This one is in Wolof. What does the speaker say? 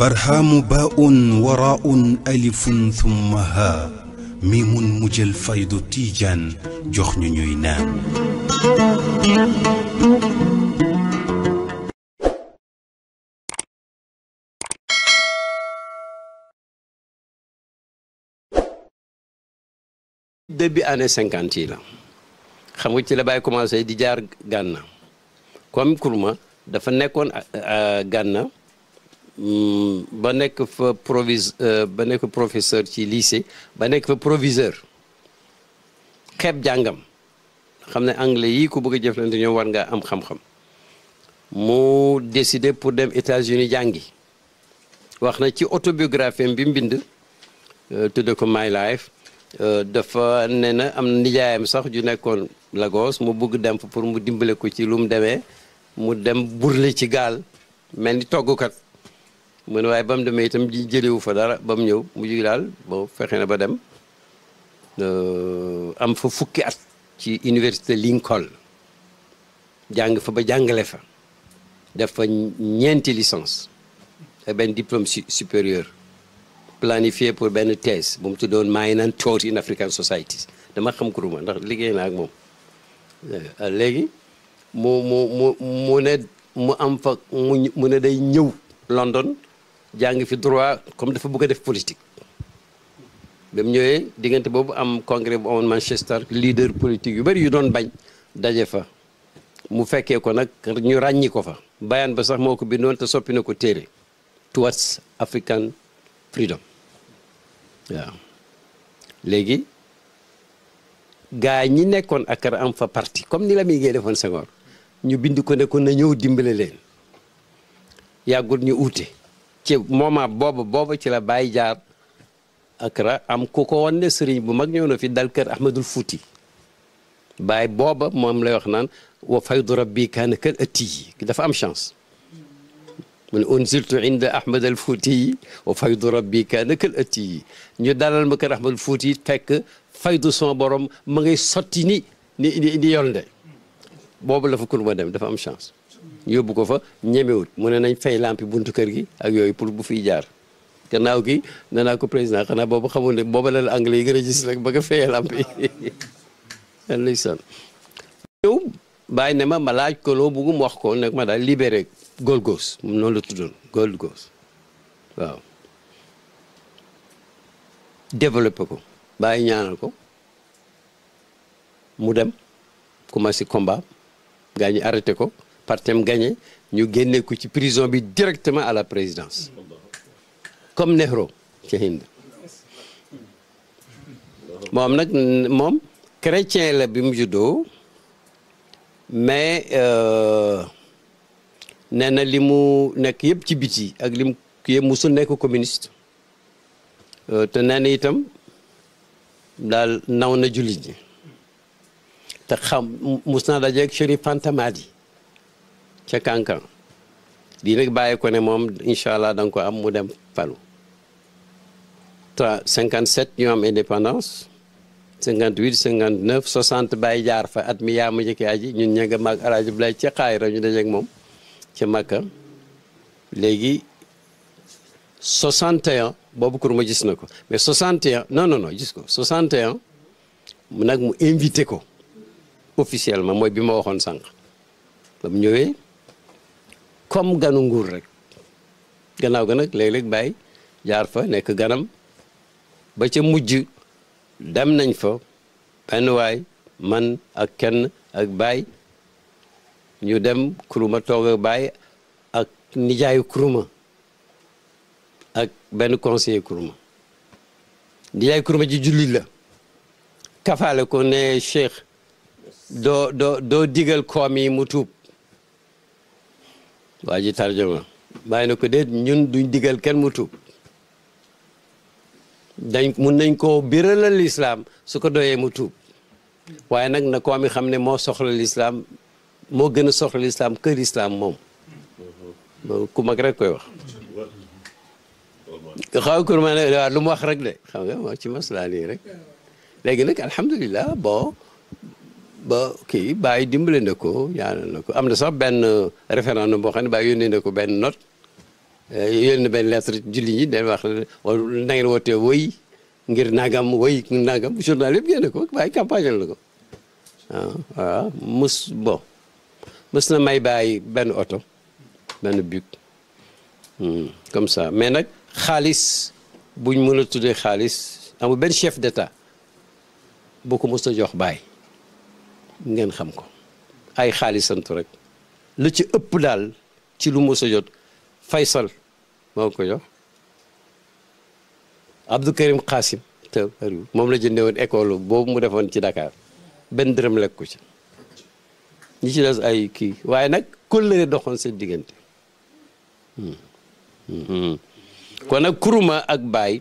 barhaamu baaun waraaun alifun thumma haa miimun mu jël faydu tiijaan jox ñu ñuy naan début la xam nga ci la Baye commencé di jaar Gànna comme Kurma dafa nekkoon euh, Gànna Hmm, ba nekk fa provis euh, ba nekk professeur ci lycée ba nekk fa proviseur xeeb jàngam xam ne anglais yi ku bëgg a jëflante ñoom war ngaa am xam-xam mu décidé pour dem états uni jàngi wax na ci autobiographie bi mbind euh, tudde ko My Life euh, dafa ne na am nijaayam sax ju nekkoon Lagos mu bugg dem fa pour mu dimbale ko ci lu mu demee mu dem burle ci gaal mel ni toggkat mu ne waaye ba mu demee itam jëlewu fa dara ba mu ñëw mujj daal bon fexe na ba dem euh, am fa fukki at ci université Lincoln jàng fa ba jàngale fa def fa ñeenti licence ak benn diplôme supérieur planifié pour benn thèse bu mu tuddoon Mine and Thought in African Societies dama xam kuruma ndax liggéey naa ak moom euh, léegi mu mu mu mu ne mu am fa mu mu ne day ñëw London jàng fi droit comme dafa bëgg a def politique ba mu ñëwee diggante boobu am congrès bu amoon Manchester leader politique yu bari yu doon bañ daje fa mu fekkee ko nag ñu ràññi ko fa bayaan ba sax moo ko bindoon te soppi na ko téere towards African freedom waaw léegi gaa ñi nekkoon ak akar am fa parti comme ni la muy ngay defoon Senghor ñu bind ko ne ko na ñëw dimbale leen yàggul ñu uute ci moment booba booba ci la bàyyi jaar Accra am ku ko woon ne sëriñ bu mag ñëw na fi dal kër Ahmadul Fouti bàyyi booba moom lay wax naan wa faydu rabbi kaana kal ëtti yi dafa am chance mu ne unziltu inda Ahmad al Fouti yi wa faydu rabbi kaana kal ëtti yi ñu dalal ma kër Ahmadul Fouti fekk faydu son borom ma ngay sotti ni ni ni yolnde boobu la fa kurma dem dafa am chance yóbbu ko fa ñemewut mu ne nañ fay lampi buntu kër gi ak yooyu pour bu fiy jaar gannaaw gi ne naa ko président xanaa boobu xamul ne booba la la anglais yi gën a gis rek ba nga fayee lampi lay son bàyyi ne ma ma laaj ko loo bugg wax ko nag ma daal libéré Golgos noonu la tuddoon Golgos waaw développé ko bàyyi ñaanal ko mu dem commencé combat gars arrêté ko partem gagné ñu génne ko ci prison bi directement à la présidence comme Nehru ci Inde mom nak mom chrétien la bi mu judo mais euh na limu nek yépp ci biti ak limu mu yëpp musul communiste euh, te nee na itam dal nawna ji te a mus naa dajeeg Chérif ca Kankan lii nag bàyyi ko ne moom incha allah da ko am mu dem falu cinquante sept ñu am indépendance bàyyi jaar fa at mi yaa ma njëkkee aji ñun ña nga mag alaaji Abdoulaye ca xaayira ñu dajeeg moom ca Makka léegi soixante et boobu kur ma na ko mais soixante et un non non non ko soixante et mu nag mu invité ko officiellement mooy bi ma waxoon sànq ba mu ñëwee ganu nguur rek gannaaw ga nag léeg bàyyi jaar fa nekk ganam ba ca mujj dem nañ fa benn waay man ak kenn ak bàyyi ñu dem kuruma toog ak bàyyi ak nijaayu kuruma ak benn conseiller kuruma nijaayu kuruma ji jullit la kafaale ko ne Cheikh doo digal koom yi mu tuub waa ji tarjuma bàyyi na ko déet ñun duñ digal kenn mu tuub dañ mun nañ koo biralal lislaam su ko doyee mu tuub waaye nag na koom yi xam ne moo soxla lislaam moo gën a soxla lislaam kër lislaam moom ku mag rek koy wax xaw kurma ne lu mu wax rek de xam nga moo ci maslaa nii rek léegi nag alhamdulilah bon ba kii bàyyi dimbale na ko ñaanal na ko am na sax benn euh, référendum boo xam ne bàyyi yónnee na ko benn note euh, yónnee na benn lettre julli ñi day wax na ngeen wootee woy ngir nangam woy nangam journal yëpp génne ko bàyyi campagne la ko waaw waaw mus bon na may bàyyi benn oto benn bug hmm, comme ça mais nag xaalis buñ mën a tuddee xaalis amul benn chef d'état boo ko mës a jox bàyyi ngeen xam ko ay xaalisantu rek lu ci ëpp daal ci lu mos a jot Faysal moo ko jox Abdou te moom la jëndee woon école boobu mu defoon ci dakaar benn dërëm lekku ci ñi ci des ay kii waaye nag kóllëre doxoon seen diggante hmm. Hmm. Hmm. kon nag kuruma ak baay